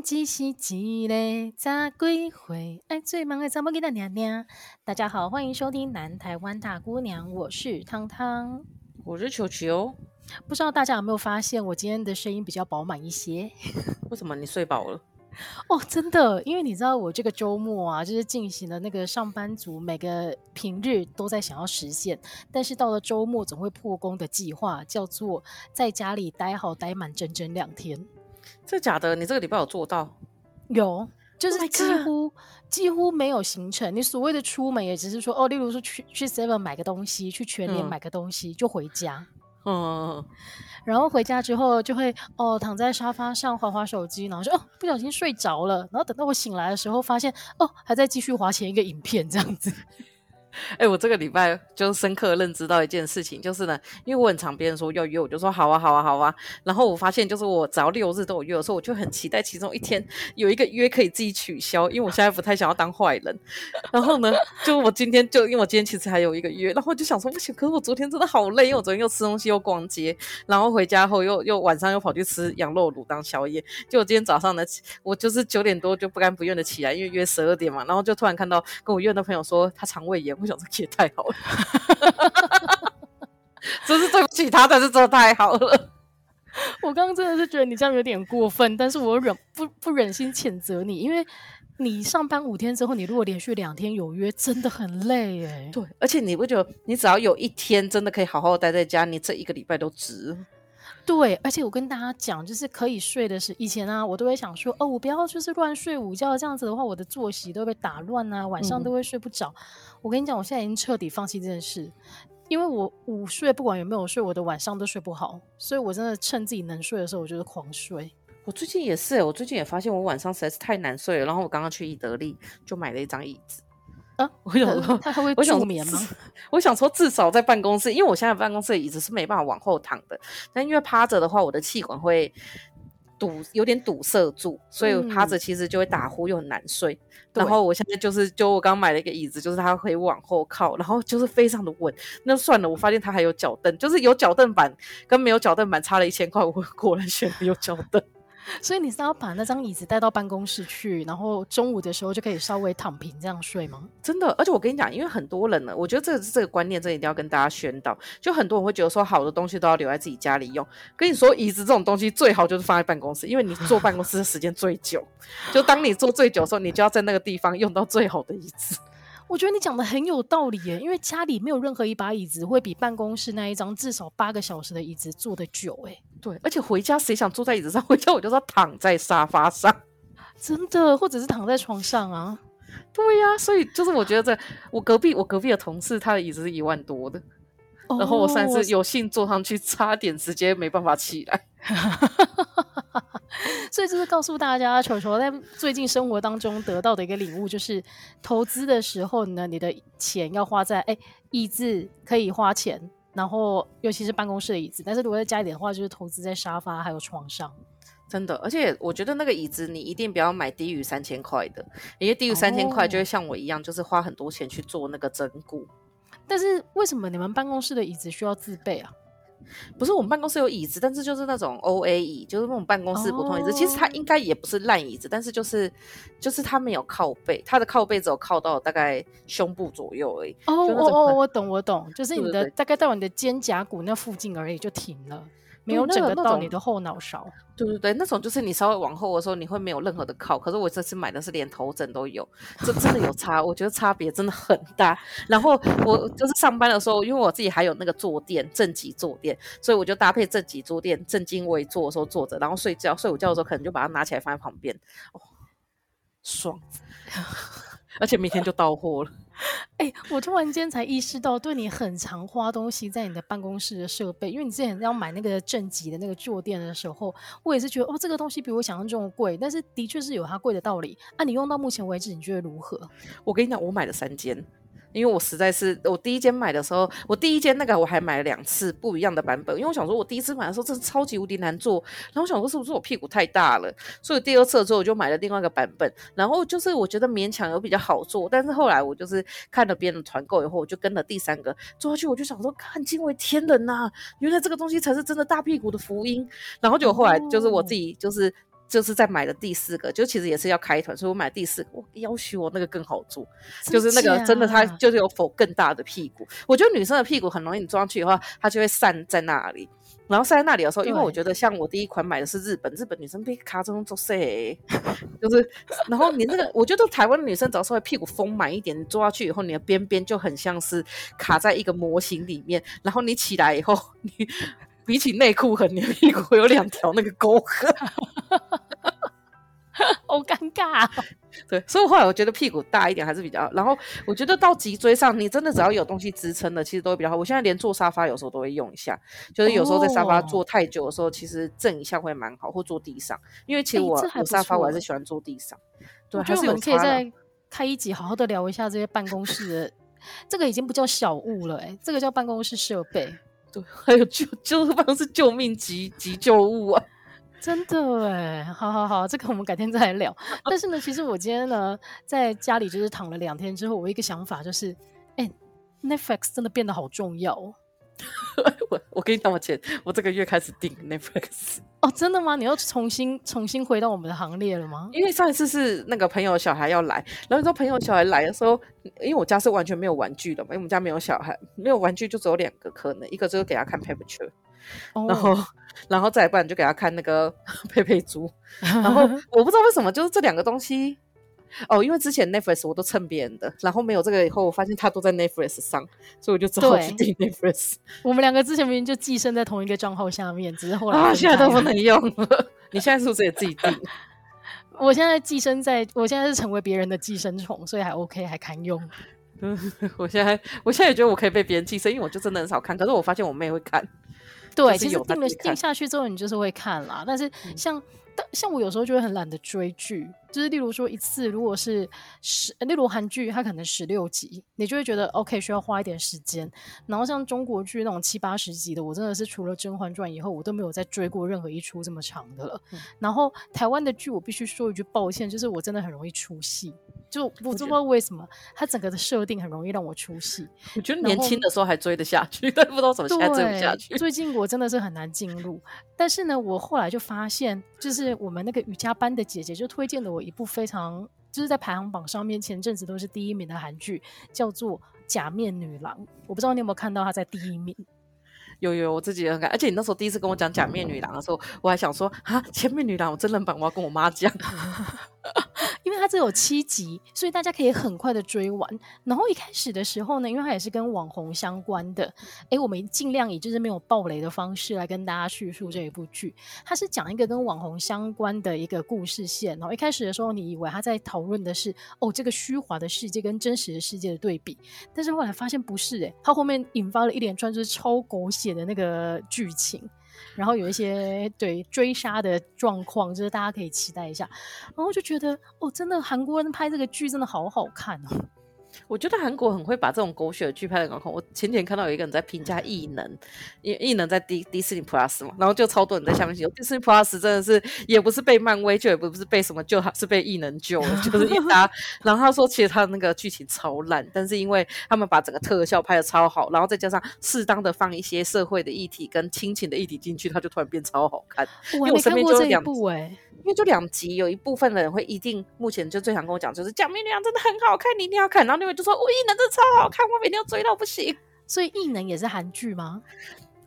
只只幾時幾日咋歸回？愛最忙的怎麼給他娘娘。大家好，歡迎收聽南台灣大姑娘，我是湯湯，我是球球。不知道大家有沒有發現，我今天的聲音比較飽滿一些？為什麼你睡飽了？ 哦，真的，因為你知道我這個週末啊，就是進行了那個上班族每個平日都在想要實現，但是到了週末總會破功的計劃，叫做在家裡待好待滿整整兩天。真的假的？你這個禮拜有做到？有，就是幾乎、oh、幾乎沒有行程。你所謂的出門，也只是說哦，例如說去去 Seven 買個東西，去全聯買個東西、嗯、就回家。嗯，然後回家之後就會哦躺在沙發上滑滑手機，然後說哦不小心睡着了，然後等到我醒來的時候，發現哦還在繼續划前一個影片這樣子。哎、欸，我這個禮拜就深刻認知到一件事情，就是呢，因為我很常別人說要約，我就說好啊好啊好啊。然後我發現，就是我只要六日都有約的時候，所以我就很期待其中一天有一個約可以自己取消，因為我現在不太想要當壞人。然後呢，就我今天就因為我今天其實還有一個約，然後我就想說不行，可是我昨天真的好累，因為我昨天又吃東西又逛街，然後回家後又又晚上又跑去吃羊肉爐當宵夜。就我今天早上呢，我就是九點多就不甘不願的起來，因為約十二點嘛，然後就突然看到跟我約的朋友說他腸胃炎。也太好了， 真是對不起他，但是真的太好了。我剛剛真的是覺得你這樣有點過分，但是我忍不不忍心譴責你，因為你上班五天之後，你如果連續兩天有約，真的很累哎、欸。對，而且你不覺得你只要有一天真的可以好好待在家，你這一個禮拜都值。對，而且我跟大家講，就是可以睡的是，以前啊，我都會想說，哦，我不要就是亂睡午覺，這樣子的話，我的作息都會被打亂啊，晚上都會睡不着。嗯、我跟你講，我現在已經徹底放棄這件事，因為我午睡不管有沒有睡，我的晚上都睡不好，所以我真的趁自己能睡的時候，我就是狂睡。我最近也是、欸，我最近也發現我晚上實在是太難睡了，然後我剛剛去宜得利就買了一張椅子。我有了，它還會助眠嗎？我想說，至少在辦公室，因為我現在辦公室的椅子是沒辦法往後躺的。但因為趴着的話，我的氣管會堵，有點堵塞住，所以趴着其實就會打呼，又很難睡。嗯、然後我現在就是，就我剛買了一個椅子，就是它可以往後靠，然後就是非常的穩。那算了，我發現它還有腳凳，就是有腳凳板跟沒有腳凳板差了一千塊，我果然選了有腳凳。 所以你是要把那張椅子帶到辦公室去，然後中午的時候就可以稍微躺平這樣睡嗎？真的，而且我跟你講，因為很多人呢，我覺得這個、這個觀念，這一定要跟大家宣導。就很多人會覺得說，好的東西都要留在自己家裡用。跟你說，椅子這種東西最好就是放在辦公室，因為你坐辦公室的時間最久。 就當你坐最久的時候，你就要在那個地方用到最好的椅子。我覺得你講的很有道理耶，因為家裡沒有任何一把椅子會比辦公室那一張至少八個小時的椅子坐的久哎。對，而且回家誰想坐在椅子上？回家我就要躺在沙發上，真的，或者是躺在床上啊。對呀、啊，所以就是我覺得，這我隔壁，我隔壁的同事他的椅子是一萬多的，oh, 然後我上次有幸坐上去，差點直接沒辦法起來。 所以就是告訴大家，球球在最近生活當中得到的一個領悟就是，投資的時候呢，你的錢要花在哎椅子可以花錢，然後尤其是辦公室的椅子。但是如果在家裡的話，就是投資在沙發還有床上。真的，而且我覺得那個椅子你一定不要買低於三千塊的，因為低於三千塊就會像我一樣，就是花很多錢去做那個整骨。哦、但是為什麼你們辦公室的椅子需要自備啊？不是我們辦公室有椅子，但是就是那種 O A 椅，就是那種辦公室普通椅子。Oh. 其實它應該也不是爛椅子，但是就是就是它沒有靠背，它的靠背只有靠到大概胸部左右而已。哦，我懂我懂，就是你的對不對，大概到你的肩胛骨那附近而已就停了，沒有整個到你的後腦勺。對對對，那種就是你稍微往後的時候，你會沒有任何的靠。可是我這次買的是連頭枕都有，這真的有差，我覺得差別真的很大。然後我就是上班的時候，因為我自己還有那個坐墊，正脊坐墊，所以我就搭配正脊坐墊，正襟危坐的時候坐着，然後睡覺睡午覺的時候可能就把它拿起來放在旁邊，哦，爽， 而且明天就到貨了。 哎、欸，我突然間才意識到，對，你很常花東西在你的辦公室的設備，因為你之前要買那個正極的那個坐墊的時候，我也是覺得哦，這個東西比我想象中貴，但是的確是有它貴的道理啊。你用到目前為止，你覺得如何？我跟你講，我買了三間。因為我實在是，我第一間買的時候，我第一間那個我還買了兩次不一樣的版本，因為我想說，我第一次買的時候，真的超級無敵難做，然後我想說是不是我屁股太大了，所以第二次的時候我就買了另外一個版本，然後就是我覺得勉強有比較好做，但是後來我就是看了別人的團購以後，我就跟了第三個做下去，我就想說看驚為天人吶、啊，原來這個東西才是真的大屁股的福音，然後結果後來就是我自己就是。就是在買的第四個，就其實也是要開團，所以我買第四個，我要求我那個更好做。假就是那個真的，他就是有否更大的屁股。我覺得女生的屁股很容易，你坐上去以後，它就會散在那裡。然後散在那裡的時候，對因為我覺得像我第一款買的是日本，日本女生被卡中做塞、欸， 就是，然後你那個，我覺得台灣女生只要稍微屁股豐滿一點，你坐上去以後，你的邊邊就很像是卡在一個模型裡面。然後你起來以後，你比起內褲，和你的屁股有兩條那個溝壑。 好尷尬，對，所以後來我覺得屁股大一點還是比較，然後我覺得到脊椎上，你真的只要有東西支撐的，其實都會比較好。我現在連坐沙發有時候都會用一下，就是有時候在沙發坐太久的時候，其實震一下會蠻好，或坐地上，因為其實我有、欸啊、沙發，我還是喜歡坐地上。對，我覺得我們可以再開一集，好好的聊一下這些辦公室的， 這個已經不叫小物了、欸，哎，這個叫辦公室設備，對，還有救，就是辦公室救命急急救物啊。真的哎、欸，好好好，這個我們改天再來聊。但是呢，其實我今天呢在家裡就是躺了兩天之後，我一個想法就是，哎、欸、，Netflix 真的變得好重要、哦。 我我跟你道歉，我這個月開始訂 Netflix。哦，真的嗎？你又重新重新回到我們的行列了嗎？因為上一次是那個朋友小孩要來，然後你知道朋友小孩來的時候，因為我家是完全沒有玩具的嘛，因為我們家沒有小孩，沒有玩具就只有兩個可能，一個就是給他看 Paper。然後，oh. 然後再不然就給他看那個佩佩豬。 然後我不知道為什麼，就是這兩個東西哦，因為之前 Netflix 我都蹭別人的，然後沒有這個以後，我發現它都在 Netflix 上，所以我就只好去訂 Netflix, 對 S, 我們兩個之前明明就寄生在同一個賬號下面，只是後來啊，現在都不能用。 你現在是不是也自己訂？ 我現在寄生在我現在是成為別人的寄生蟲，所以還 OK 還堪用。嗯， 我現在我現在也覺得我可以被別人寄生，因為我就真的很少看，可是我發現我妹會看。對，其實定了定下去之後，你就是會看啦。但是像，嗯但像我有時候就會很懶得追劇，就是例如說一次如果是十，例如韓劇它可能十六集，你就會覺得 OK 需要花一點時間。然後像中國劇那種七八十集的，我真的是除了《甄嬛傳》以後，我都沒有再追過任何一出這麼長的了。嗯。然後台灣的劇，我必須說一句抱歉，就是我真的很容易出戲，就，我就不知道為什麼，它整個的設定很容易讓我出戲。我覺得年輕的時候還追得下去，但後 不知道怎麼才追不下去。最近我真的是很難進入， 但是呢，我後來就發現就是。是我們那個瑜伽班的姐姐就推薦了我一部非常就是在排行榜上面前陣子都是第一名的韓劇，叫做《假面女郎》。我不知道你有沒有看到她在第一名。有，有有，我自己也很感。而且你那時候第一次跟我講《假面女郎》的時候，我還想說啊，《前面女郎》我真人版，我要跟我媽講。嗯 因為它只有七集，所以大家可以很快的追完。然後一開始的時候呢，因為它也是跟網紅相關的，哎、欸，我們儘量以就是沒有暴雷的方式來跟大家敘述這一部劇。它是講一個跟網紅相關的一個故事線。然後一開始的時候，你以為他在討論的是，哦，這個虛華的世界跟真實的世界的對比，但是後來發現不是、欸，哎，它後面引發了一連串就是超狗血的那個劇情。然後有一些對追殺的狀況，就是大家可以期待一下。然後就覺得，哦，真的韓國人拍這個劇真的好好看哦、啊。我覺得韓國很會把這種狗血的劇拍的很好看。我前天看到有一個人在評價《異能》，因為《異能》在迪迪士尼 Plus 嘛，然後就超多人在下面寫迪士尼 Plus 真的是也不是被漫威救，就也不是被什麼救，是被異能救了，就是一、啊、搭。 然後他說其實他那個劇情超爛，但是因為他們把整個特效拍的超好，然後再加上適當的放一些社會的議題跟親情的議題進去，他就突然變超好看。哇因為我身邊就兩這部因、欸、為就兩集，有一部分的人會一定目前就最想跟我講就是《金秘書》真的很好看，你一定要看。然後。因為就說我、哦、《異能》真的超好看，我每天要追到不行。所以《異能》也是韓劇嗎？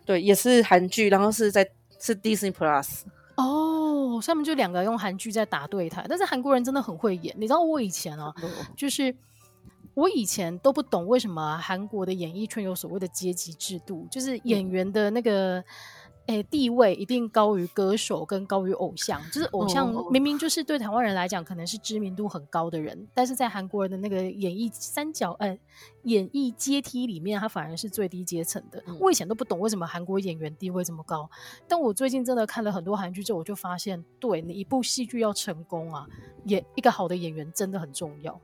對，也是韓劇。然後是在是 Disney Plus 哦，下面就兩個用韓劇在打對台。但是韓國人真的很會演，你知道我以前啊，哦、就是我以前都不懂為什麼韓國的演藝圈有所謂的階級制度，就是演員的那個。嗯欸、地位一定高於歌手，跟高於偶像。就是偶像明明就是對台灣人來講，可能是知名度很高的人，哦、但是在韓國人的那個演藝三角，呃、演藝階梯裡面，他反而是最低階層的。嗯、我以前都不懂為什麼韓國演員地位這麼高，但我最近真的看了很多韓劇之後，我就發現，對你一部戲劇要成功啊，演一個好的演員真的很重要。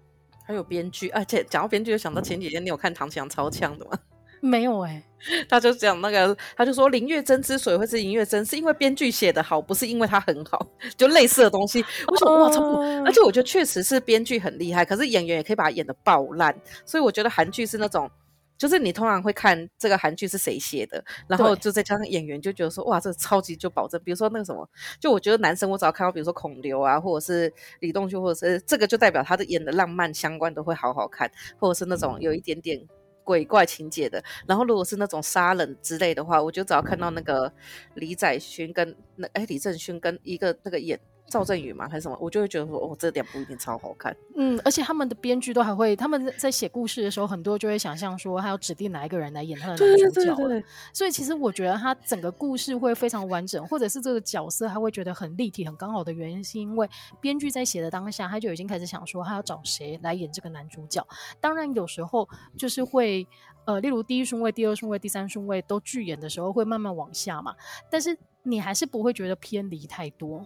還有編劇，而且講到編劇，就想到前幾天你有看《唐強超嗆》的嗎？嗯沒有哎、欸，他就講那個，他就說林月珍，之所以會是林月珍，是因為編劇寫的好，不是因為他很好，就類似的東西。 我說哇，差不多。而且我覺得確實是編劇很厲害，可是演員也可以把他演的爆爛。所以我覺得韓劇是那種，就是你通常會看這個韓劇是誰寫的，然後就再加上演員，就覺得說哇，這超級就保證。比如說那個什麼，就我覺得男生我只要看到比如說孔劉啊，或者是李棟旭，或者是這個，就代表他的演的浪漫相關都會好好看，或者是那種有一點點。嗯鬼怪情節的，然後如果是那種殺人之類的話，我就只要看到那個李宰勳跟那，誒，李正勳跟一個那個演。趙振宇嘛，還是什麼，我就會覺得說，哦，這部片一定超好看。嗯，而且他們的編劇都還會，他們在寫故事的時候，很多就會想象說，他要指定哪一個人來演他的男主角。對，對，對，對，所以其實我覺得他整個故事會非常完整，或者是這個角色他會覺得很立體、很剛好的原因，是因為編劇在寫的當下，他就已經開始想說，他要找誰來演這個男主角。當然有時候就是會，呃，例如第一順位、第二順位、第三順位都拒演的時候，會慢慢往下嘛。但是你還是不會覺得偏離太多。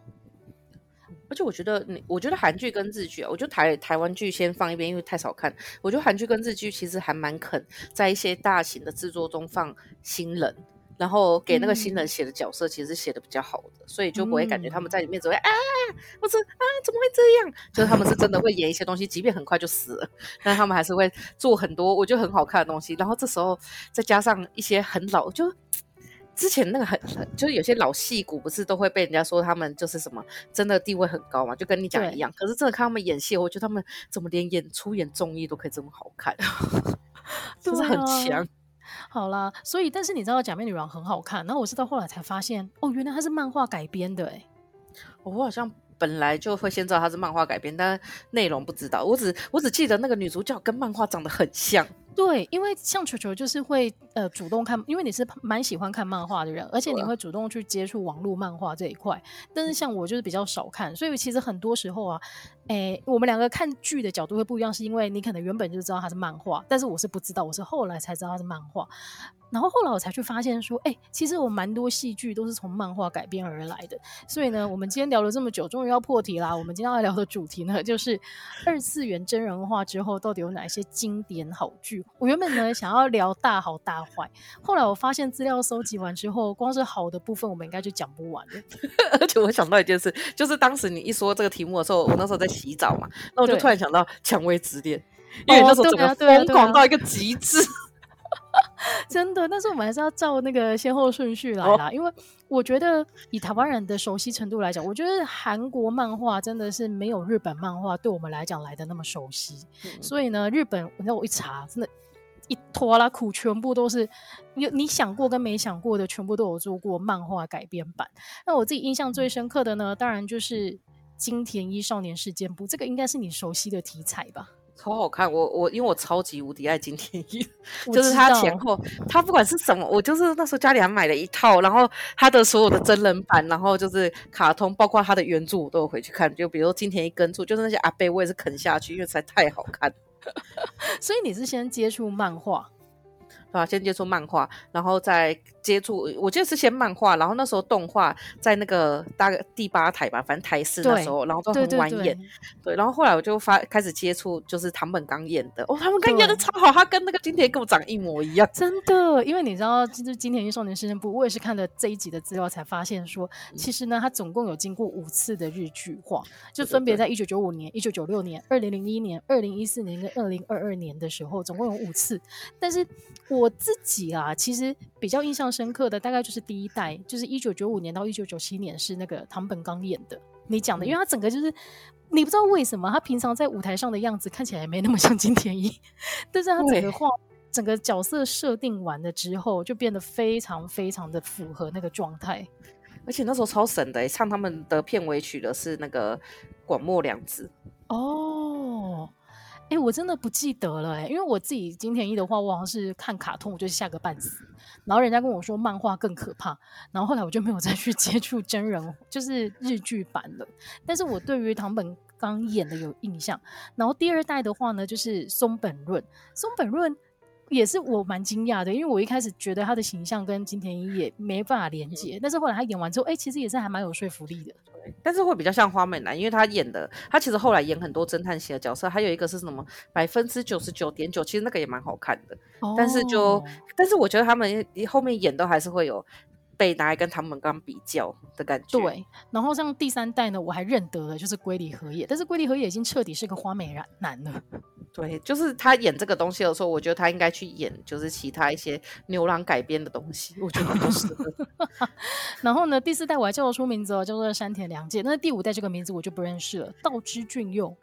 而且我覺得，我覺得韓劇跟日劇啊，我覺得台台灣劇先放一邊，因為太少看。我覺得韓劇跟日劇其實還蠻肯在一些大型的制作中放新人，然後給那個新人寫的角色，其實寫的比較好的，嗯、所以就不會感覺他們在裡面只會、嗯、啊，或者啊，怎麼會這樣？就是他們是真的會演一些東西，即便很快就死了，但他們還是會做很多我覺得很好看的東西。然後這時候再加上一些很老就。之前那個很很，就是有些老戲骨不是都會被人家說他們就是什麼真的地位很高嘛，就跟你講一樣。對可是真的看他們演戲，我覺得他們怎麼連演出演綜藝都可以這麼好看， 啊、真是很強。好啦，所以但是你知道《假面女郎》很好看，然後我是到後來才發現哦，原來它是漫畫改編的，欸、我好像本來就會先知道它是漫畫改編，但內容不知道，我只我只記得那個女主角跟漫畫長得很像。對，因為像球球就是會呃主動看，因為你是蠻喜歡看漫畫的人，而且你會主動去接觸網絡漫畫這一塊。但是像我就是比較少看，所以其實很多時候啊。哎，我們兩個看劇的角度會不一樣，是因為你可能原本就知道它是漫畫，但是我是不知道，我是後來才知道它是漫畫。然後後來我才去發現說，哎，其實我蠻多戲劇都是從漫畫改編而來的。所以呢，我們今天聊了這麼久，終於要破題啦。我們今天要聊的主題呢，就是二次元真人化之後到底有哪些經典好劇。我原本呢想要聊大好大壞，後來我發現資料搜集完之後，光是好的部分，我們應該就講不完了。 而且我想到一件事，就是當時你一說這個題目的時候，我那時候在，洗澡嘛，那我就突然想到《薔薇之戀》，因為那時候怎麼瘋狂到一個極致，哦啊啊啊啊、 真的。但是我們還是要照那個先後順序來啦，哦、因為我覺得以台灣人的熟悉程度來講，我覺得韓國漫畫真的是沒有日本漫畫對我們來講來的那麼熟悉。嗯、所以呢，日本，你知道我一查，真的，一拖拉庫，全部都是你你想過跟沒想過的，全部都有做過漫畫改編版。那我自己印象最深刻的呢，當然就是。嗯金田一少年事件簿，這個應該是你熟悉的題材吧？超好看，我我因為我超級無敵愛金田一，就是他前後他不管是什麼，我就是那時候家裡還買了一套，然後他的所有的真人版，然後就是卡通，包括他的原著，我都有回去看。就比如說金田一跟住，就是那些阿貝，我也是啃下去，因為實在太好看。 所以你是先接觸漫畫，對吧、啊？先接觸漫畫，然後再。接觸，我記得是先漫畫，然後那時候動畫在那個大概第八台吧，反正台視那時候，對然後都很晚演。對，對，對，對，然後後來我就發開始接觸，就是堂本剛演的哦，堂本剛演的超好，對他跟那個金田一長得一模一樣。真的，因為你知道，就是《金田一少年事件簿》，我也是看了這一集的資料才發現說，說、嗯、其實呢，他總共有經過五次的日劇化，就分別在一九九五年、一九九六年、二零零一年、二零一四年跟二零二二年的時候，總共有五次。但是我自己啊，其實比較印象。深刻的大概就是第一代，就是一九九五年到一九九七年，是那個堂本剛演的。你講的，因為他整個就是你不知道為什麼他平常在舞台上的樣子看起來沒那麼像金田一，但是他整個畫對整個角色設定完了之後就變得非常非常的符合那個狀態。而且那時候超神的、欸，唱他們的片尾曲的是那個廣末涼子哦。欸，我真的不記得了，欸，因為我自己金田一的話，我好像是看卡通，我就是嚇個半死，然後人家跟我說漫畫更可怕，然後後來我就沒有再去接觸真人，就是日劇版了。但是我對於堂本剛演的有印象，然後第二代的話呢，就是松本潤，松本潤。也是我蠻驚訝的，因為我一開始覺得他的形象跟金田一也沒辦法連接，嗯、但是後來他演完之後，哎、欸，其實也是還蠻有說服力的。對，但是會比較像花美男，因為他演的，他其實後來演很多偵探系的角色，還有一個是什麼百分之九十九點九，其實那個也蠻好看的。哦、但是就，但是我覺得他們後面演都還是會有。被拿來跟他們剛剛比較的感覺。對，然後像第三代呢，我還認得了，就是龜梨和也。但是龜梨和也已經徹底是個花美男男了。對，就是他演這個東西的時候，我覺得他應該去演就是其他一些牛郎改編的東西，我覺得 他就是、這個。 然後呢，第四代我還叫得出名字、哦，叫做山田涼介。那第五代這個名字我就不認識了，道枝駿佑。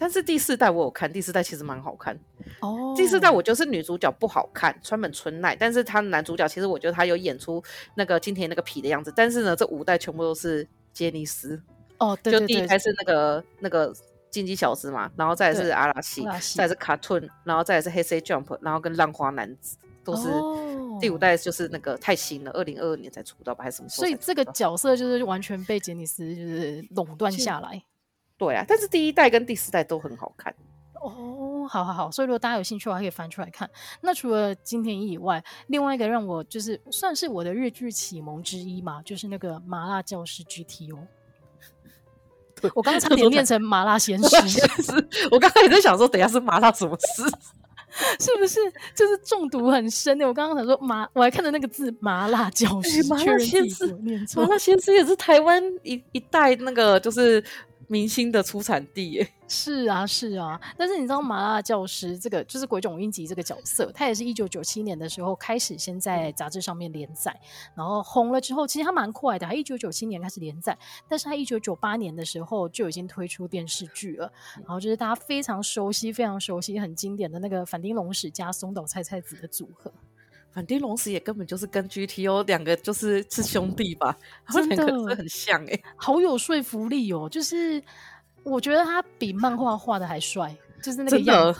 但是第四代我有看，第四代其實蠻好看。哦，oh. 第四代我就是女主角不好看，川本春奈，但是他男主角其實我覺得他有演出那個金田那個痞的樣子。但是呢，這五代全部都是傑尼斯。哦，oh, 對，對，就第一代是那個對對對那個近畿小子嘛，然後再是阿拉西，對再是 KAT-TUN< 對>，然後再是 Hey Say JUMP，然後跟浪花男子都是。哦。第五代就是那個太新了，二零二二年才出道吧，還是什麼時候？所以這個角色就是完全被傑尼斯就是壟斷下來。對啊，但是第一代跟第四代都很好看哦。Oh, 好好好，所以如果大家有興趣，我還可以翻出來看。那除了金田一以外，另外一個讓我就是算是我的日劇啟蒙之一嘛，就是那個《麻辣教師 GTO》。我剛差點念成“麻辣先生”，我剛才也在想說，等一下是“麻辣什麼師”？ 是不是？就是中毒很深的我剛剛想說“麻”，我還看到那個字“麻辣教師、哎”，麻辣先生，麻辣先生也是台灣一一代那個就是。明星的出產地。是啊是啊，但是你知道麻辣教師這個，就是鬼塚英吉這個角色，他也是一九九七年的時候開始先在雜誌上面連載，然後紅了之後，其實他蠻快的啊，他一九九七年開始連載，但是他一九九八年的時候就已經推出電視劇了，然後就是大家非常熟悉、非常熟悉、很經典的那個反町隆史加松島菜菜子的組合。反町隆史也根本就是跟 G T O 兩個就是是兄弟吧，他們的兩個真的很像誒、欸，好有說服力哦。就是我覺得他比漫畫畫的還帥，就是那個樣，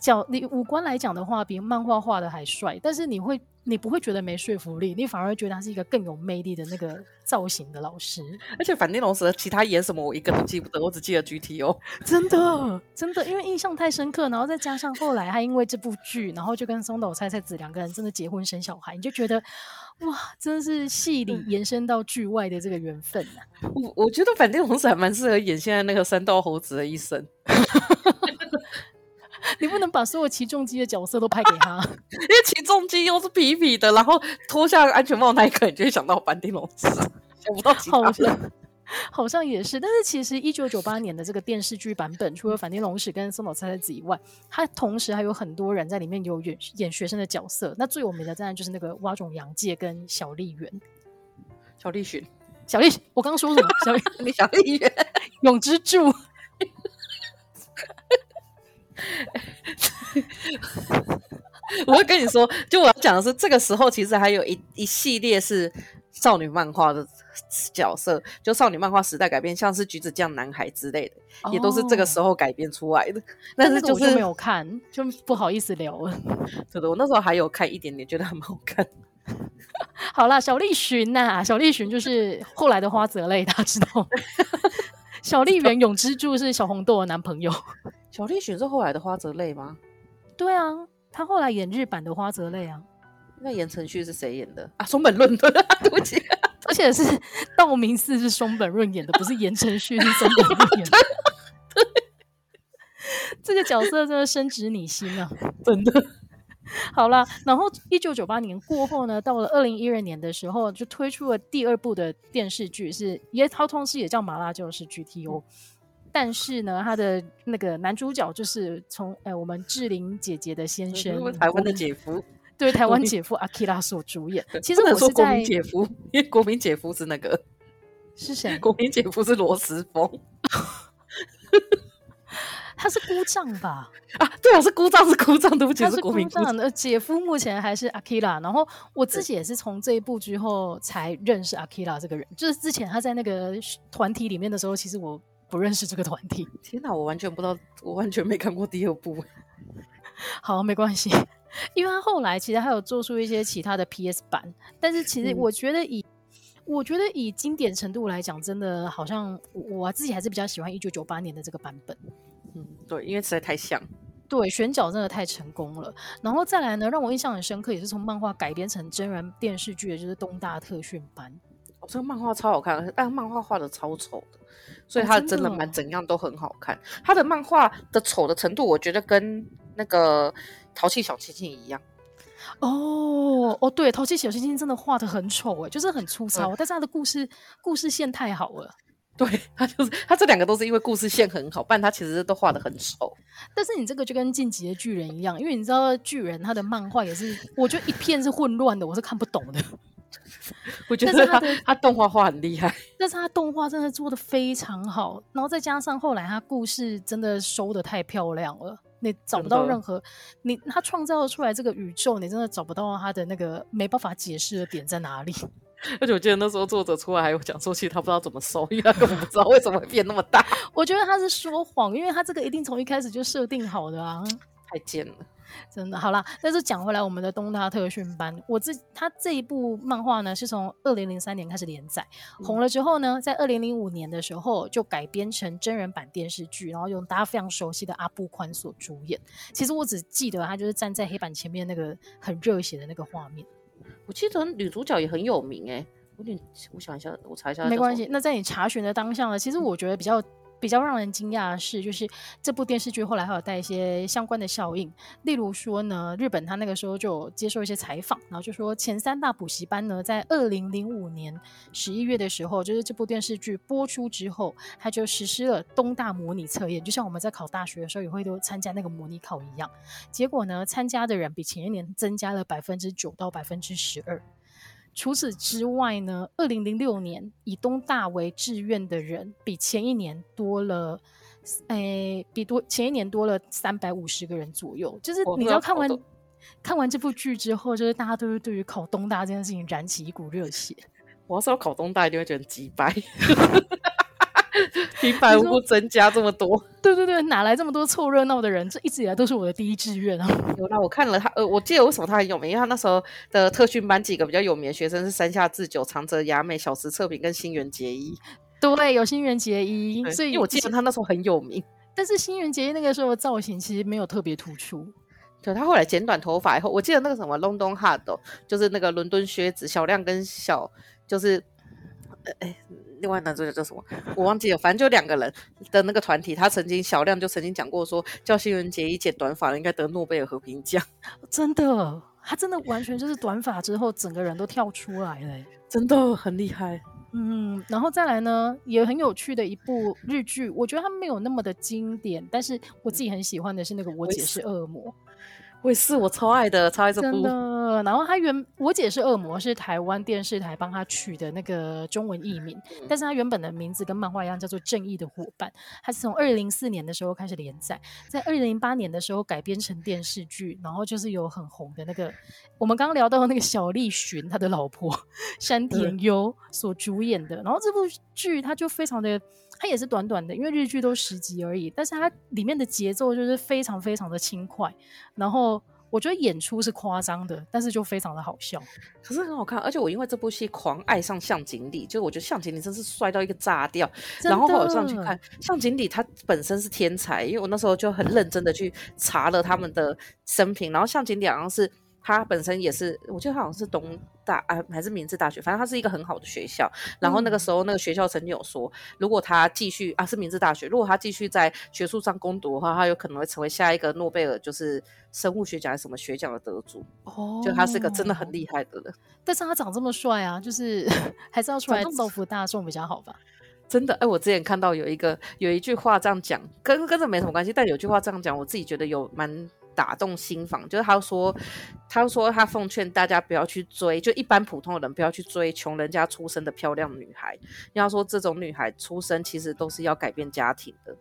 叫的你五官來講的話，比漫畫畫的還帥。但是你會，你不會覺得沒說服力，你反而會覺得他是一個更有魅力的那個造型的老師。而且反町隆史其他演什麼我一個都記不得，我只記得 GTO。 真的，真的，因為印象太深刻，然後再加上後來他因為這部劇，然後就跟松島菜菜子兩個人真的結婚生小孩，你就覺得哇，真的是戲裡延伸到劇外的這個緣分吶、啊。我我覺得反町隆史還蠻適合演現在那個三道猴子的一生。 你不能把所有騎重機的角色都拍給他、啊啊，因為騎重機又是痞痞的，然後脫下安全帽那一、個、刻，你就會想到反町隆史。想不到好像， 好像也是。但是其實一九九八年的這個電視劇版本， 除了反町隆史跟松島菜菜子以外，它同時還有很多人在裡面有演演學生的角色。那最有名的當然就是那個窪塚洋介跟小栗媛、小栗旬、小栗。我剛剛說什麼？小栗、 小栗媛、永之助。 我會跟你說，就我講的是，這個時候其實還有一一系列是少女漫畫的角色，就少女漫畫時代改編像是橘子醬男孩之類的，哦、也都是這個時候改編出來的。但是，是但就是沒有看，就不好意思聊了。對的，我那時候還有看一點點，覺得很好看。 好啦，小栗旬吶，小栗旬就是後來的花澤類，大家知道。 小栗元永之助是小紅豆的男朋友。小栗旬是後來的花澤類嗎？對啊，他後來演日版的花澤類啊。那言承旭是誰演的啊？松本潤、啊、對不起、啊、 而且是道明寺是松本潤演的，不是言承旭 是松本潤演的。 這個角色真的深植你心啊，真的。好了，然後一九九八年過後呢，到了二零一二年的時候，就推出了第二部的電視劇，是也掏同時也叫麻辣教師 G T O。嗯但是呢，他的那個男主角，就是從哎、欸，我們志玲姐姐的先生，我們台灣的姐夫，對，台灣姐夫阿基拉所主演。民其實我是在說國民姐夫，因為國民姐夫是那個是誰誰？國民姐夫是羅時豐， 他是姑丈吧？啊，對啊，是姑丈，是姑丈，對不起，他是姑丈，是國民姑丈。姐夫目前還是阿基拉。然後我自己也是從這一部之後才認識阿基拉這個人。嗯、就是之前他在那個團體裡面的時候，其實我。不認識這個團體，天吶，我完全不知道，我完全沒看過第二部。 好，沒關係，因為他後來其實還有做出一些其他的 PS 版，但是其實我覺得以、嗯、我覺得以經典程度來講，真的好像我自己還是比較喜歡一九九八年的這個版本。嗯，對，因為實在太像，對，選角真的太成功了。然後再來呢，讓我印象很深刻，也是從漫畫改編成真人電視劇，也就是東大特訓班。哦，這個漫畫超好看，但漫畫畫的超醜的。所以他真的蠻怎樣都很好看，oh, 的他的漫畫的醜的程度，我覺得跟那個《淘氣小親親》一樣。哦哦，對，《淘氣小親親》真的畫的很醜誒、欸，就是很粗糙，嗯、但是他的故事故事線太好了。對他就是他這兩個都是因為故事線很好，但他其實都畫的很醜。但是你這個就跟《晉級的巨人》一樣，因為你知道巨人他的漫畫也是， 我覺得一片是混亂的，我是看不懂的。 我覺得他他，他動畫畫很厲害， 但是他動畫真的做的非常好，然後再加上後來他故事真的收的太漂亮了，你找不到任何，你他創造出來這個宇宙，你真的找不到他的那個沒辦法解釋的點在哪裡。 而且我記得那時候作者出來還有講說，其實他不知道怎麼收，因為他根本不知道為什麼會變那麼大。 我覺得他是說謊，因為他這個一定從一開始就設定好的啊，太賤了。真的好啦，但是講回來，我們的東大特訓班，我自他這一部漫畫呢，是從二零零三年開始連載，嗯、紅了之後呢，在二零零五年的時候就改編成真人版電視劇，然後用大家非常熟悉的阿部寬所主演。其實我只記得他就是站在黑板前面那個很熱血的那個畫面。我記得女主角也很有名誒、欸，我點我想一下，我查一下。沒關係，那在你查詢的當下呢，其實我覺得比較。比較讓人驚訝的是，就是這部電視劇後來還有帶一些相關的效應，例如說呢，日本他那個時候就接受一些採訪，然後就說前三大補習班呢，在二零零五年十一月的時候，就是這部電視劇播出之後，他就實施了東大模擬測驗，就像我們在考大學的時候也會都參加那個模擬考一樣，結果呢，參加的人比前一年增加了百分之九到百分之十二。除此之外呢，二零零六年以東大為志願的人比前一年多了，誒、欸，比多前一年多了三百五十個人左右。就是你知道，看完看完這部劇之後，就是大家都是對於考東大這件事情燃起一股熱血。我要說我考東大，一定會覺得很雞掰。 平白無故增加這麼多？對對對，哪來這麼多湊熱鬧的人？這一直以來都是我的第一志願啊。那我看了他，呃，我記得為什麼他很有名？因為他那時候的特訓班幾個比較有名的學生是山下智久、長澤雅美、小池徹平跟新垣結衣。對，有新垣結衣，嗯、所以我記得他那時候很有名。但是新垣結衣那個時候的造型其實沒有特別突出。對，他後來剪短頭髮以後，我記得那個什麼 London Boots，就是那個倫敦靴、靴子，小亮跟小就是，呃、哎。另外男主角叫什麼？我忘記了，反正就兩個人的那個團體，他曾經小亮就曾經講過說，叫新人節一剪短髮應該得諾貝爾和平獎。真的，他真的完全就是短髮之後，整個人都跳出來了，欸，真的很厲害。嗯，然後再來呢，也很有趣的一部日劇，我覺得它沒有那麼的經典，但是我自己很喜歡的是那個《我姐是惡魔》。我也是，我超愛的，超愛這部。真的，然後他原我姐是惡魔，是台灣電視台幫他取的那個中文譯名，嗯、但是他原本的名字跟漫畫一樣，叫做《正義的伙伴》。他是從二零零四年的時候開始連載，在二零零八年的時候改編成電視劇，然後就是有很紅的那個，我們剛剛聊到那個小栗旬他的老婆山田優所主演的，嗯、然後這部劇他就非常的。它也是短短的，因為日劇都十集而已。但是它裡面的節奏就是非常非常的輕快，然後我覺得演出是誇張的，但是就非常的好笑。可是很好看，而且我因為這部戲狂愛上向井里，就我覺得向井里真是帥到一個炸掉。的然後我上去看向井里，他本身是天才，因為我那時候就很認真的去查了他們的生平，然後向井里好像是。他本身也是，我覺得他好像是東大啊，還是明治大學，反正他是一個很好的學校。嗯、然後那個時候，那個學校曾經有說，如果他繼續啊，是明治大學，如果他繼續在學術上攻讀的話，他有可能會成為下一個諾貝爾，就是生物學獎還是什麼學獎的得主。哦，就他是一個真的很厲害的人。但是他長這麼帥啊，就是 還是要出來造福大眾比較好吧。 真的，哎、欸，我之前看到有一個有一句話這樣講，跟跟着沒什麼關係，但有句話這樣講，我自己覺得有蠻。打動心房，就是他說，他說他奉勸大家不要去追，就一般普通的人不要去追窮人家出身的漂亮女孩。要說這種女孩出生其實都是要改變家庭的，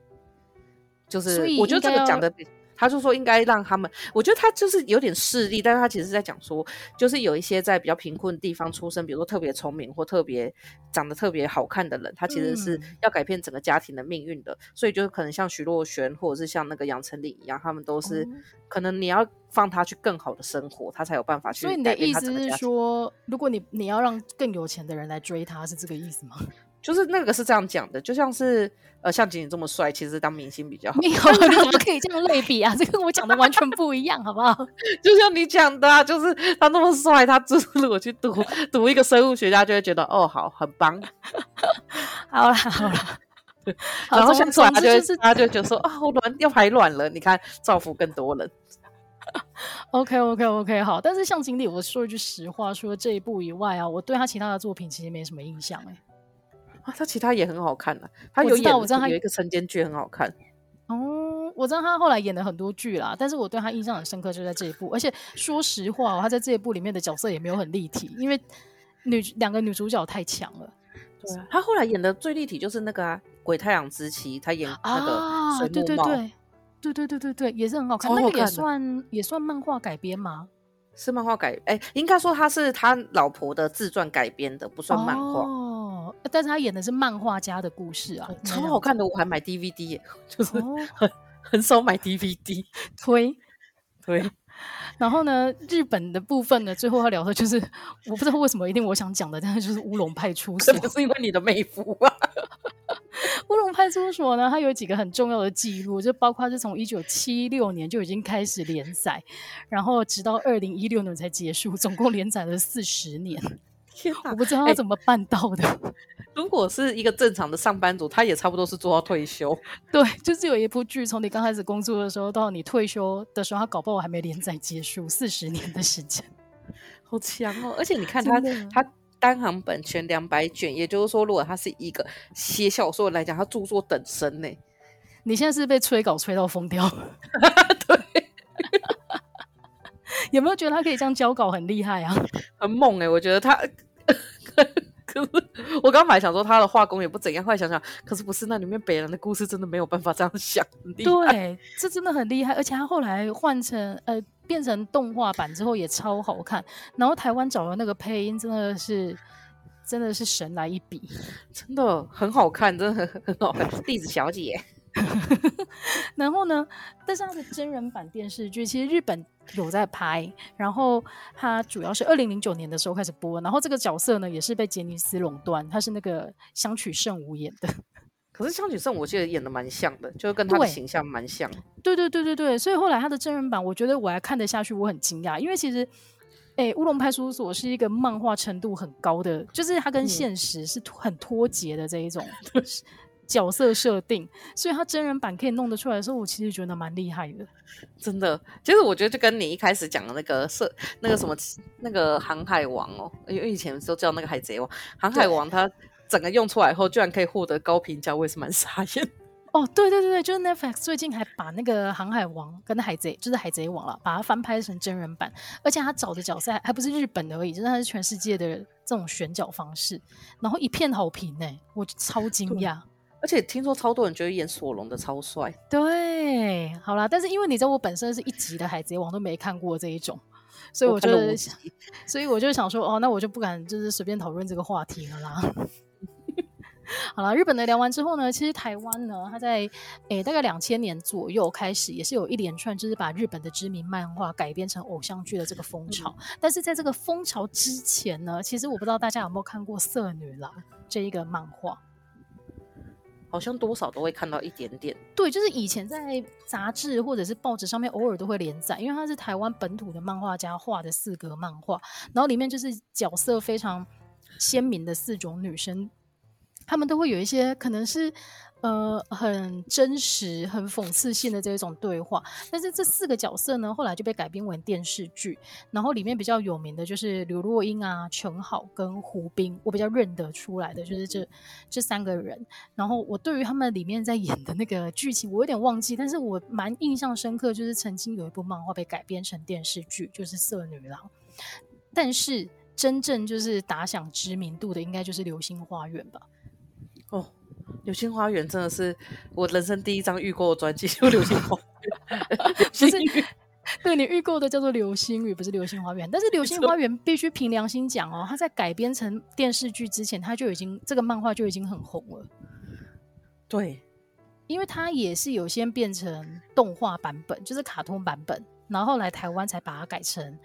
就是以我覺得這個講的、哦。他就說應該讓他們，我覺得他就是有點勢利，但是他其實是在講說，就是有一些在比較貧困的地方出生，比如說特別聰明或特別長得特別好看的人，他其實是要改變整個家庭的命運的，嗯、所以就是可能像徐若瑄或者是像那個楊丞琳一樣，他們都是、嗯、可能你要放他去更好的生活，他才有辦法去他。所以你的意思是說，如果你你要讓更有錢的人來追他，是這個意思嗎？就是那個是這樣講的，就像是呃，像錦鯉這麼帥，其實當明星比較好。你有怎麼可以這麼類比啊？ 這跟我講的完全不一樣， 好不好？就像你講的，啊，就是他那麼帥，他支持我去讀 讀一個生物學家，就會覺得哦，好，很棒。 好了好了， 好然後相處他就，就是，他就說啊，哦，我卵要排卵了，你看造福更多人。 OK OK OK，好。但是像經理我說一句實話，除了這一部以外啊，我對他其他的作品其實沒什麼印象，欸啊，他其他也很好看的、啊，他有我知道我知道他有一個晨間劇很好看哦，我知道他後來演了很多劇啦，但是我對他印象很深刻，就在這一部。而且說實話、哦，他在這一部裡面的角色也沒有很立體，因為女兩個女主角太強了。對、啊，他後來演的最立體就是那個、啊《鬼太陽之妻》，他演那個。啊，對對對，對對對對對，也是很好看。好好看，那個也算也算漫畫改編嗎？是漫畫改，哎，應該說他是他老婆的自傳改編的，不算漫畫。哦但是他演的是漫畫家的故事啊，超好看的，嗯、我還買 DVD，耶、欸，就是很、哦、很少買 DVD，推對，推對。然後呢，日本的部分呢，最後要聊的就是， 我不知道為什麼一定我想講的，但是就是《烏龍派出所》，是不是因為你的妹夫？啊？《烏龍派出所》呢，它有幾個很重要的記錄，就包括是從一九七六年就已經開始連載，然後直到二零一六年才結束，總共連載了四十年。 天啊，我不知道他怎麼辦到的。欸，如果是一個正常的上班族，他也差不多是做到退休。 對，就是有一部劇，從你剛開始工作的時候到你退休的時候，他搞不好還沒連載結束，四十年的時間，好強哦！而且你看他，他單行本全兩百卷，也就是說，如果他是一個寫小說來講，他著作等身呢，欸。你現在是被催稿催到瘋掉。 有沒有覺得他可以這樣交稿很厲害啊？很猛哎、欸！我覺得他， 可是我剛剛想說他的畫工也不怎樣，後來想想，可是不是？那裡面北人的故事真的沒有辦法這樣想。對，這真的很厲害，而且他後來換成呃變成動畫版之後也超好看。然後台灣找了那個配音真的是真的是神來一筆，真的很好看，真的很很好看。弟子小姐， 然後呢？但是他的真人版電視劇其實日本。有在拍，然後他主要是二零零九年的時候開始播，然後這個角色呢，也是被傑尼斯壟斷，他是那個香取慎吾演的。可是香取慎吾，其實演的蠻像的，就是跟他的形象蠻像。對對對對，對，對所以後來他的真人版，我覺得我還看得下去，我很驚訝，因為其實，哎，《烏龍派出所》是一個漫畫程度很高的，就是他跟現實是很脫節的這一種。嗯 角色設定，所以他真人版可以弄得出來的時候，我其實覺得蠻厲害的。真的，其實我覺得就跟你一開始講的那個設那個什麼那個航海王哦，因為以前都叫那個海賊王航海王，他整個用出來以後居然可以獲得高評價，我也是蠻傻眼。對哦，對對對，就是 Netflix 最近還把那個航海王跟海賊就是海賊王了，把它翻拍成真人版，而且他找的角色還，還不是日本的而已，就是他是全世界的這種選角方式，然後一片好評欸，我超驚訝。而且聽說超多人覺得演索隆的超帥，對，好啦。但是因為你知道我本身是一集的《海賊王》都沒看過這一種，所以我就是想，所以我就想說，哦，那我就不敢就是隨便討論這個話題了啦。 好了，日本的聊完之後呢，其實台灣呢，它在誒、欸、大概兩千年左右開始，也是有一連串就是把日本的知名漫畫改編成偶像劇的這個風潮。嗯、但是在這個風潮之前呢，其實我不知道大家有沒有看過《色女郎》這一個漫畫。好像多少都會看到一點點，對，就是以前在雜誌或者是報紙上面偶爾都會連載，因為他是台灣本土的漫畫家畫的四格漫畫，然後裡面就是角色非常鮮明的四種女生，她們都會有一些可能是。呃，很真實、很諷刺性的這一種對話，但是這四個角色呢，後來就被改編為電視劇，然後裡面比較有名的，就是劉若英啊、陳好跟胡兵，我比較認得出來的就是這這三個人。然後我對於他們裡面在演的那個劇情，我有點忘記，但是我蠻印象深刻，就是曾經有一部漫畫被改編成電視劇，就是《澀女郎》，但是真正就是打響知名度的，應該就是《流星花園》吧。流星花園真的是我人生第一張預購專輯，就流星花園。 流星雨 對，你預購的叫做流星雨，不是流星花園。但是流星花園必須憑良心講哦，沒錯。他在改編成電視劇之前，他就已經這個漫畫就已經很紅了。對，因為它也是有先變成動畫版本，就是卡通版本，然後後來台灣才把它改成。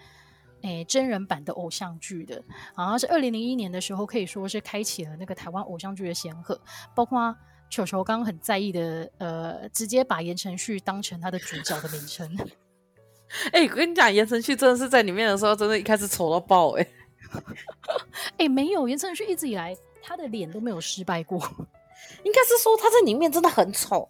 誒，真人版的偶像劇的，好像是二零零一年的時候，可以說是開啟了那個台灣偶像劇的先河。包括球球剛剛很在意的，呃，直接把言承旭當成他的主角的名稱。哎， 我跟你講，言承旭真的是在裡面的時候，真的一開始醜到爆，欸。哎，哎，沒有，言承旭一直以來他的臉都沒有失敗過， 應該是說他在裡面真的很醜。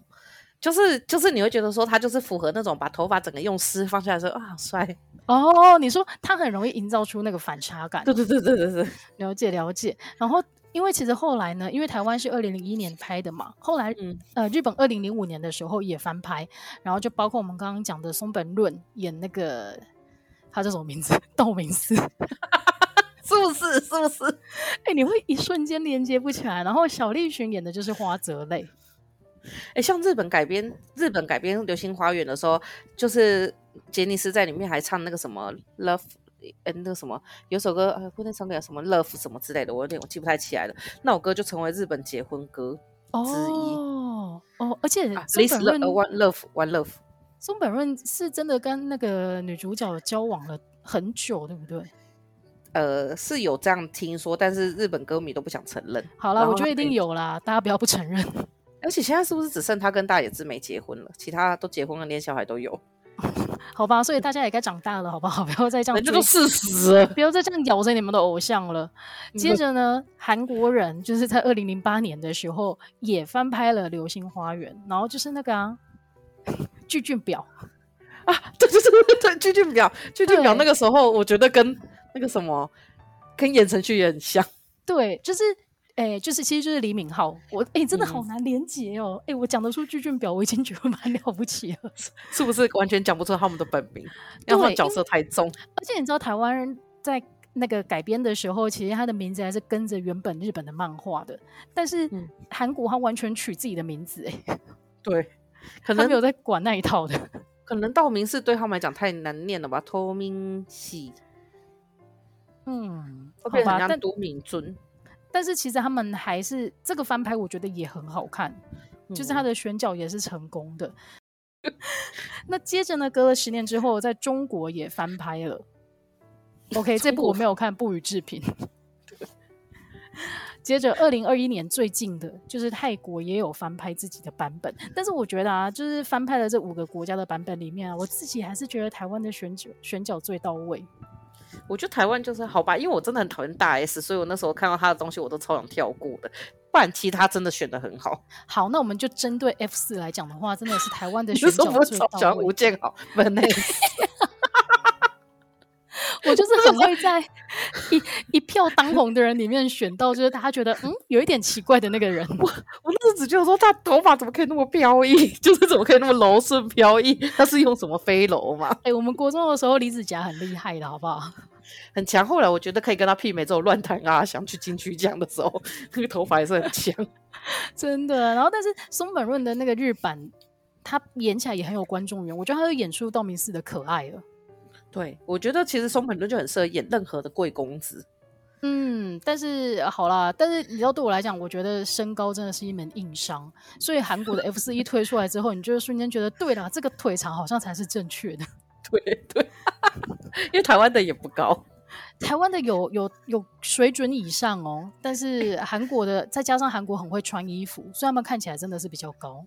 就是就是，就是、你會覺得說他就是符合那種把頭髮整個用濕放下來說，哇，好帥哦！你說他很容易營造出那個反差感。對對對對對，了解了解。然後，因為其實後來呢，因為台灣是二零零一年拍的嘛，後來、嗯、呃，日本二零零五年的時候也翻拍，然後就包括我們剛剛講的松本潤演那個他叫什麼名字？道明寺，是不是，是不是。哎、欸，你會一瞬間連接不起來。然後小栗旬演的就是花澤類。哎，像日本改編日本改編《流星花園》的時候，就是傑尼斯在裡面還唱那個什麼 love，哎，那個什麼有首歌，哎、啊，不能唱給什麼 love 什麼之類的，我有點我記不太起來了。那首歌就成為日本結婚歌之一哦，哦，而且松本潤 love one love 松本潤是真的跟那個女主角交往了很久，對不對？呃，是有這樣聽說，但是日本歌迷都不想承認。好啦，我覺得一定有啦，哎、大家不要不承認。而且現在是不是只剩他跟大野智沒結婚了？其他都結婚了，連小孩都有。 好吧，所以大家也該長大了，好不好？不要再這樣，這都事實。 不要再這樣咬着你們的偶像了。接着呢，韓國人就是在二零零八年的時候也翻拍了《流星花園》，然後就是那個啊，具俊表啊，對對對對對，具俊表，具俊表，那個時候我覺得跟那個什麼跟言承旭也很像。對，就是。哎、欸，就是，其實就是李敏鎬，我哎、欸，真的好難聯結哦、喔。哎、嗯欸，我講得出劇卷表，我已經覺得蠻了不起了，是不是完全講不出他們的本名？因為 角色太重。而且你知道，台灣人在那個改編的時候，其實他的名字還是跟着原本日本的漫畫的，但是韓國他完全取自己的名字、欸。哎，對，可能他沒有在管那一套的，可能道明寺對他們來講太難念了吧 t 明 m 嗯，他變成叫都敏但是其實他們還是這個翻拍，我覺得也很好看，就是他的選角也是成功的。嗯、 那接着呢，隔了十年之後，在中國也翻拍了。OK，中國這部我沒有看，不予置評。 接着，二零二一年最近的，就是泰國也有翻拍自己的版本。但是我覺得啊，就是翻拍的這五個國家的版本裡面啊，我自己還是覺得台灣的選角選角最到位。我覺得台灣就是好吧，因為我真的很討厭大 S，所以我那時候看到他的東西我都超想跳過的，不然其他真的選的很好。好，那我們就針對 F 四來講的話，真的是台灣的選角最到位。 喜歡吳建豪。 我就是很會在一 一票當紅的人裡面選到，就是大家覺得嗯有一點奇怪的那個人。我我那時只覺得說他頭髮怎麼可以那麼飄逸，就是怎麼可以那麼柔順飄逸？他是用什麼飛柔嘛？哎、欸，我們國中的時候離子夾很厲害的，好不好？很強。後來我覺得可以跟他媲美，這種亂彈阿翔去金曲獎的時候，那個頭髮也是很強， 真的。然後但是松本潤的那個日版，他演起來也很有觀眾緣，我覺得他演出道明寺的可愛了。對，我覺得其實松本潤就很適合演任何的貴公子。嗯，但是好啦，但是你知道對我來講，我覺得身高真的是一門硬傷。所以韓國的 F 四一、e、推出來之後， 你就瞬間覺得，對了，這個腿長好像才是正確的。對對，因為台灣的也不高，台灣的有有有水準以上哦、喔。但是韓國的， 再加上韓國很會穿衣服，所以他們看起來真的是比較高。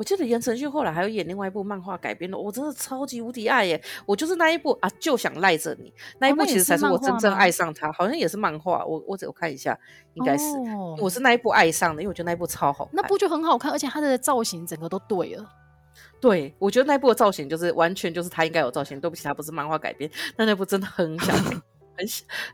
我記得言承旭後來還有演另外一部漫畫改編的，我、哦、真的超級無敵愛耶！我就是那一部啊，就想賴着你，那一部其實才是我真正愛上他，哦、好像也是漫畫。我我只我看一下，應該是、哦、我是那一部愛上的，因為我覺得那一部超好。那部就很好看，而且他的造型整個都對了。對，我覺得那一部的造型就是完全就是他應該有造型。對不起，他不是漫畫改編，但那部真的很想 很很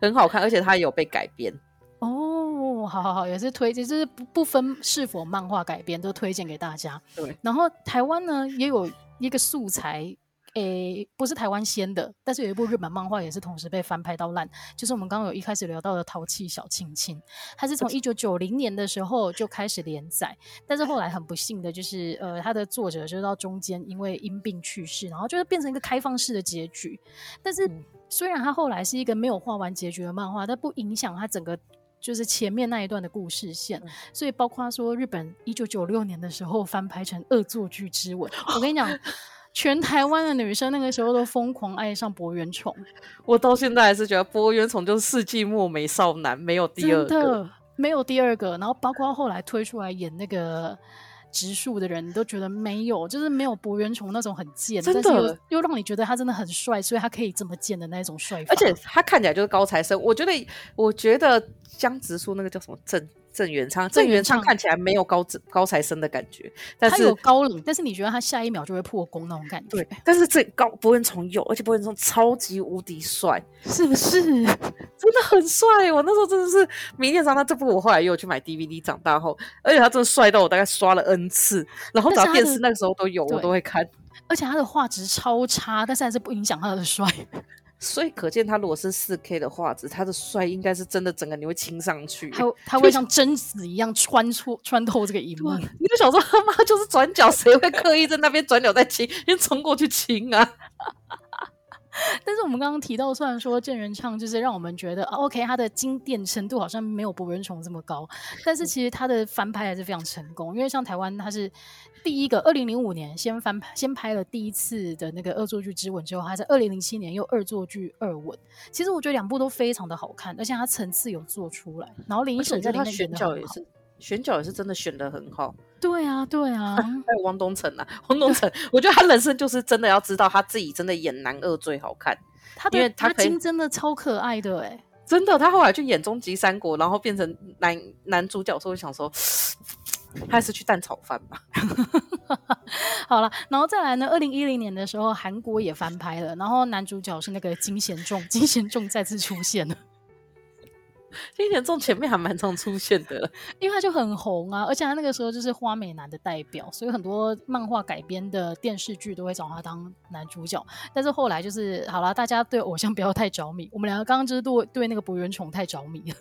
很好看，而且他也有被改編。哦，好好好，也是推薦，就是不不分是否漫畫改編都推薦給大家。對，然後台灣呢也有一個素材，誒、欸，不是台灣先的，但是有一部日本漫畫也是同時被翻拍到爛，就是我們剛剛有一開始聊到的《淘氣小親親》，它是從一九九零年的時候就開始連載，但是後來很不幸的就是，呃，它的作者就到中間因為因病去世，然後就是變成一個開放式的結局。但是雖然它後來是一個沒有畫完結局的漫畫，但不影響它整個。就是前面那一段的故事線，所以包括說日本一九九六年的時候翻拍成二《惡作劇之吻》，我跟你講，全台灣的女生那個時候都瘋狂愛上柏原崇。我到現在還是覺得柏原崇就是世紀末美少男，沒有第二個，沒有第二個。然後包括後來推出來演那個。直樹的人，你都覺得沒有，就是沒有柏原崇那種很賤，真的又，又讓你覺得他真的很帥，所以他可以這麼賤的那種帥。而且他看起來就是高材生，我覺得，我覺得江直樹那個叫什麼真。鄭元暢，鄭元暢看起來沒有高高材生的感覺，但是他有高冷，但是你覺得他下一秒就會破功那種感覺。對，但是這高柏原崇有，而且柏原崇超級無敵帥，是不是？真的很帥，欸，我那時候真的是迷戀上他。這部我後來又有去買 DVD，長大後，而且他真的帥到我大概刷了 N 次，然後打電視那個時候都有，我都會看。而且他的畫質超差，但是還是不影響他的帥。所以可見，他如果是四 K 的畫質，他的帥應該是真的，整個你會親上去，他他會像貞子一樣穿出穿透這個螢幕。你就想說，他媽就是轉角，誰會刻意在那邊轉角再親？ 先衝過去親啊！ 但是我們剛剛提到算，雖然說鄭元暢就是讓我們覺得、啊、OK，他的經典程度好像沒有柏原崇這麼高，但是其實他的翻拍還是非常成功，因為像台灣他是第一個，二零零五年先翻先拍了第一次的那個《惡作劇之吻》之後，他在二零零七年又《惡作劇二吻》，其實我覺得兩部都非常的好看，而且它層次有做出來，然後林依晨在裡面選角也是選角也是真的選得很好。對啊，對啊，還有 汪東城啊，汪東城， 我覺得他人生就是真的要知道他自己真的演男二最好看，因為他的金真的超可愛的哎、欸，真的他後來去演《終極三國》，然後變成男男主角的時候，我想說他還是去蛋炒飯吧。 好了，然後再來呢，二零一零年的時候，韓國也翻拍了，然後男主角是那個金賢重， 金賢重再次出現了。金賢重前面還蠻常出現的，因為他就很紅啊，而且他那個時候就是花美男的代表，所以很多漫畫改編的電視劇都會找他當男主角。但是後來就是好啦，大家對偶像不要太着迷。我們兩個剛剛就是對對那個柏原崇太着迷了。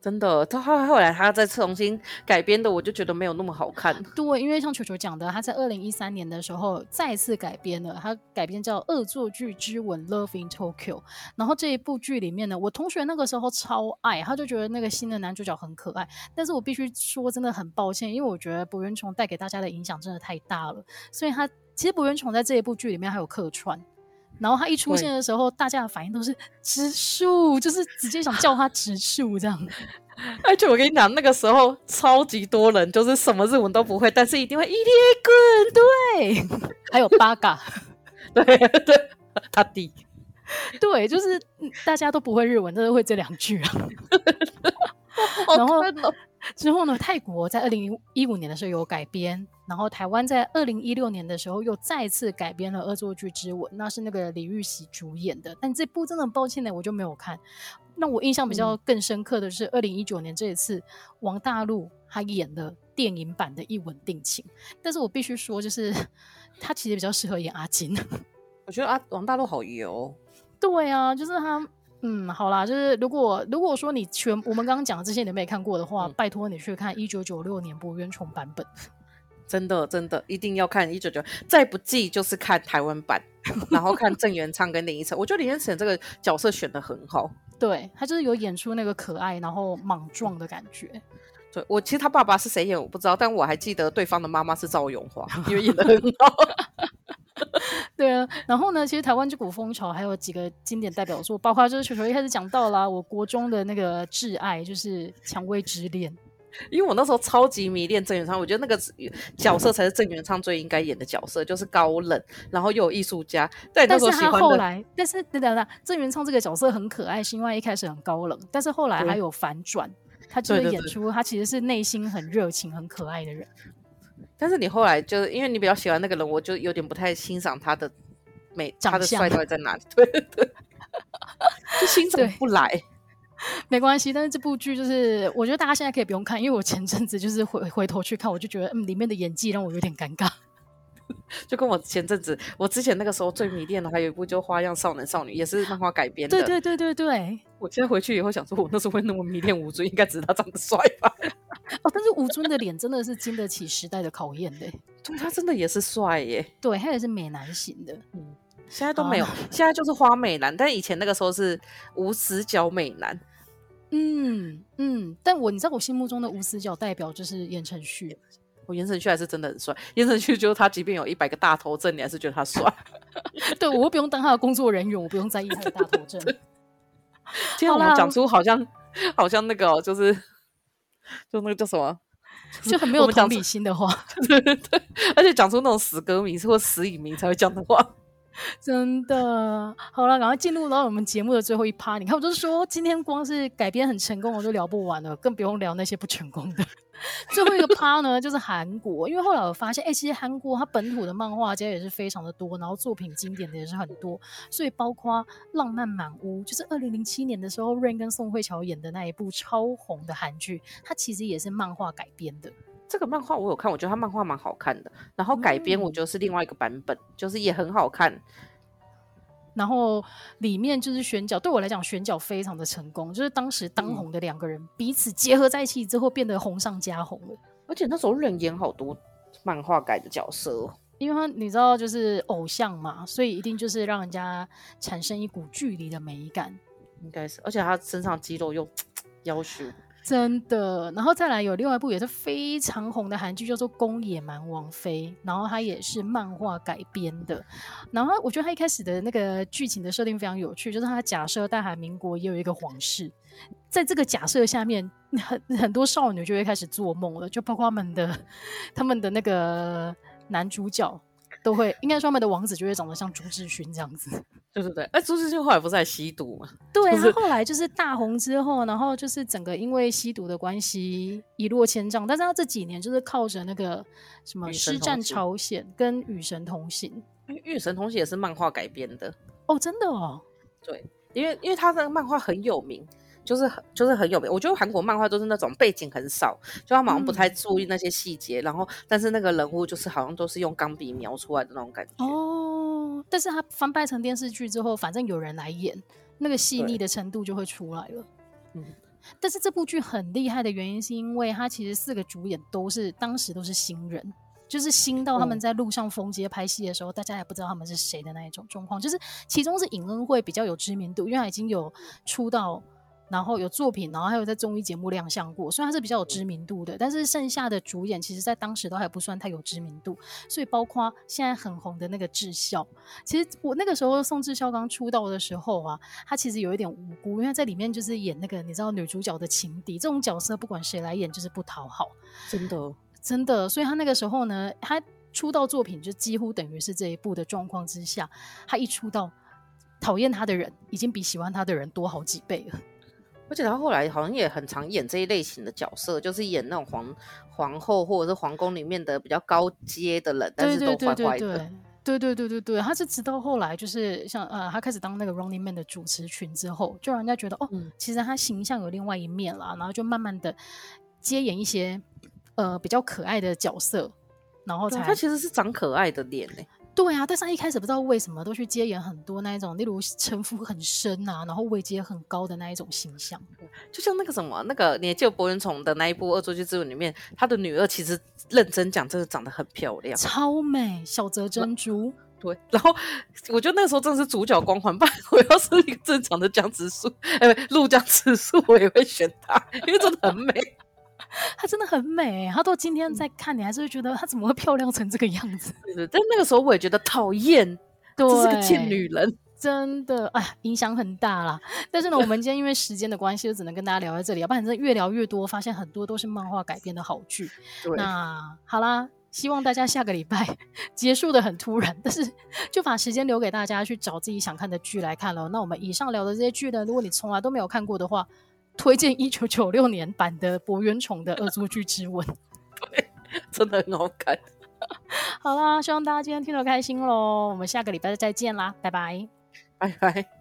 真的，他後後來他再重新改編的，我就覺得沒有那麼好看，啊。對，因為像球球講的，他在二零一三年的時候再次改編了，他改編叫《惡作劇之吻》（Love in Tokyo）。然後這一部劇裡面呢，我同學那個時候超愛，他就覺得那個新的男主角很可愛。但是我必須說，真的很抱歉，因為我覺得柏原崇帶給大家的影響真的太大了。所以他其實柏原崇在這一部劇裡面還有客串。然後他一出現的時候，對大家的反應都是直樹，就是直接想叫他直樹這樣，而且 我跟你講，那個時候超級多人就是什麼日文都不會，但是一定會一定會對，還有八嘎，對 對，他弟，對，對，就是大家都不會日文，都是會這兩句啊。 哦、然後。之後呢，泰國在二零一五年的時候有改編，然後台灣在二零一六年的時候又再次改編了《惡作劇之吻》，那是那個李玉璽主演的。但這部真的很抱歉呢，我就沒有看。那我印象比較更深刻的是二零一九年這一次，嗯、王大陸他演的電影版的《一吻定情》，但是我必須說，就是他其實比較適合演阿金。我覺得啊，王大陸好油。對啊，就是他。嗯，好啦，就是如果如果說你全我們剛剛講的這些你沒看過的話，嗯、拜托你去看一九九六年柏原崇版本，真的真的一定要看一九九，再不濟就是看台灣版， 然後看鄭元暢跟林依晨，我覺得林依晨這個角色選的很好，對，她就是有演出那個可愛然後莽撞的感覺，嗯、對我其實他爸爸是誰演我不知道，但我還記得對方的媽媽是趙永華， 因為演的很好。 對啊，然後呢，其實台灣這股風潮還有幾個經典代表作，包括就是球球一開始講到啦，我國中的那個摯愛就是《薔薇之戀》，因為我那時候超級迷戀鄭元暢，我覺得那個角色才是鄭元暢最應該演的角色，嗯、就是高冷，然後又有藝術家。但，那時候喜歡的但是他後來，但是等等，等等，鄭元暢這個角色很可愛，因為一開始很高冷，但是後來還有反轉，嗯、他就是演出對對對，他其實是內心很熱情、很可愛的人。但是你後來就是因為你比較喜歡那個人，我就有點不太欣賞他的美，他的帥到底在哪裡？對對，對 就欣賞不來。沒關係，但是這部劇就是我覺得大家現在可以不用看，因為我前陣子就是回回頭去看，我就覺得嗯，裡面的演技讓我有點尷尬。就跟我前陣子，我之前那個時候最迷戀的還有一部，就《花樣少男少女》，也是漫畫改編的。對，對對對對對，我現在回去以後想說，我那時候會那麼迷戀吳尊，應該只是他長得帥吧？哦，但是吳尊的臉真的是經得起時代的考驗的，他真的也是帥耶。對，他也是美男型的。嗯，現在都沒有，啊，現在就是花美男，但以前那個時候是無死角美男。嗯嗯，但我你知道我心目中的無死角代表就是言承旭。我言承旭還是真的很帥。言承旭就是他，即便有一百個大頭症，你還是覺得他帥。 對，我不用當他的工作人員，我不用在意他的大頭症。 今天我們講出好像好，啦好像那個、喔、就是就那個叫什麼，就很沒有同理心的話，講就是，對，而且講出那種死歌迷是或死影迷，才會講的話。 真的，好了，然後進入到我們節目的最後一趴。你看，我就說，今天光是改編很成功，我就聊不完了，更不用聊那些不成功的。 最後一個趴呢，就是韓國，因為後來我發現，哎、欸，其實韓國它本土的漫畫家也是非常的多，然後作品經典的也是很多，所以包括《浪漫滿屋》，就是二零零七年的時候，Rain 跟宋慧喬演的那一部超紅的韓劇，它其實也是漫畫改編的。這個漫畫我有看，我覺得他漫畫蠻好看的。然後改編，我覺得是另外一個版本，嗯、就是也很好看。然後裡面就是選角，對我來講選角非常的成功，就是當時當紅的兩個人、嗯、彼此結合在一起之後，變得紅上加紅了。而且那時候人演好多漫畫改的角色，因為他你知道就是偶像嘛，所以一定就是讓人家產生一股距離的美感，應該是。而且他身上肌肉又要求真的，然後再來有另外一部也是非常紅的韓劇，叫做《宮野蠻王妃》，然後它也是漫畫改編的。然後我覺得它一開始的那個劇情的設定非常有趣，就是它假設大韓民國也有一個皇室，在這個假設下面，很很多少女就會開始做夢了，就包括他們的他們的那個男主角。都會，應該說他們的王子就會長得像朱志勳這樣子，對對對。哎、欸，朱志勳後來不是在吸毒嗎？對，啊、就是，後來就是大紅之後，然後就是整個因為吸毒的關係一落千丈。但是他這幾年就是靠着那個什麼《屍戰朝鮮》跟《與神同行》，因為《與神同行》也是漫畫改編的哦，真的哦。對，因為因為他的漫畫很有名。就是很就是很有名，我覺得韓國漫畫都是那種背景很少，就他好像不太注意那些細節，嗯、然後但是那個人物就是好像都是用鋼筆描出來的那種感覺。哦，但是他翻拍成電視劇之後，反正有人來演，那個細膩的程度就會出來了。嗯，但是這部劇很厲害的原因是因為它其實四個主演都是當時都是新人，就是新到他們在路上封街拍戲的時候，嗯、大家也不知道他們是誰的那一種狀況。就是其中是尹恩惠比較有知名度，因為他已經有出道。然後有作品，然後還有在綜藝節目亮相過，雖然他是比較有知名度的。但是剩下的主演，其實在當時都還不算太有知名度。所以包括現在很紅的那個智孝，其實我那個時候宋智孝剛出道的時候啊，他其實有一點無辜，因為在裡面就是演那個你知道女主角的情敵這種角色，不管誰來演就是不討好，真的真的。所以他那個時候呢，他出道作品就幾乎等於是這一部的狀況之下，他一出道，討厭他的人已經比喜歡他的人多好幾倍了。而且他後來好像也很常演這一類型的角色，就是演那種皇皇后或者是皇宮裡面的比較高階的人，嗯、但是都乖乖的。對對對對,對對對對，他是直到後來就是像呃，他開始當那個《Running Man》的主持群之後，就讓人家覺得哦，嗯、其實他形象有另外一面了，然後就慢慢的接演一些呃比較可愛的角色，然後才對他其實是長可愛的臉嘞、欸。對啊，但是他一開始不知道為什麼都去接演很多那一種，例如城府很深啊，然後位置也很高的那一種形象，就像那個什麼那個，你記得柏原崇的那一部《惡作劇之吻》裡面，他的女二其實認真講，真的長得很漂亮，超美，小澤真珠。對，然後我覺得那時候真的是主角光環吧，我要是一個正常的江直樹，哎、欸，鹿江直樹我也會選他，因為真的很美。 她真的很美，她到今天在看、嗯、你還是會覺得她怎麼會漂亮成這個樣子？但那個時候我也覺得討厭，都對是個賤女人，真的哎，影響很大啦。但是呢，對 我們今天因為時間的關係，就只能跟大家聊到這裡，對 要不然真的越聊越多，發現很多都是漫畫改編的好劇。對 那好啦，希望大家下個禮拜結束得很突然，但是就把時間留給大家去找自己想看的劇來看咯。那我們以上聊的這些劇呢，如果你從來都沒有看過的話，推薦一九九六年版的柏原崇的劇《惡作劇之吻》，對，真的很好看。 好啦，希望大家今天聽得開心嘍，我們下個禮拜再見啦，拜拜，拜拜。